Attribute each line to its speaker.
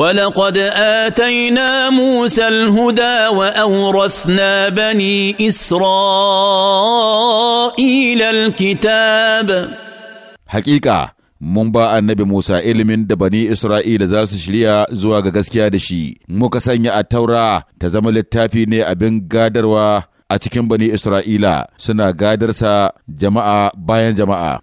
Speaker 1: ولقد اتينا موسى الهدى واورثنا
Speaker 2: بني اسرائيل الكتاب حقيقه mun ba annabi Musa ilimin da bani Isra'ila za su shirya zuwa ga gaskiya da shi, muka sanya a taura ta zama littafi ne abin gadarwa a cikin bani Isra'ila suna gadarsa jama'a bayan jama'a.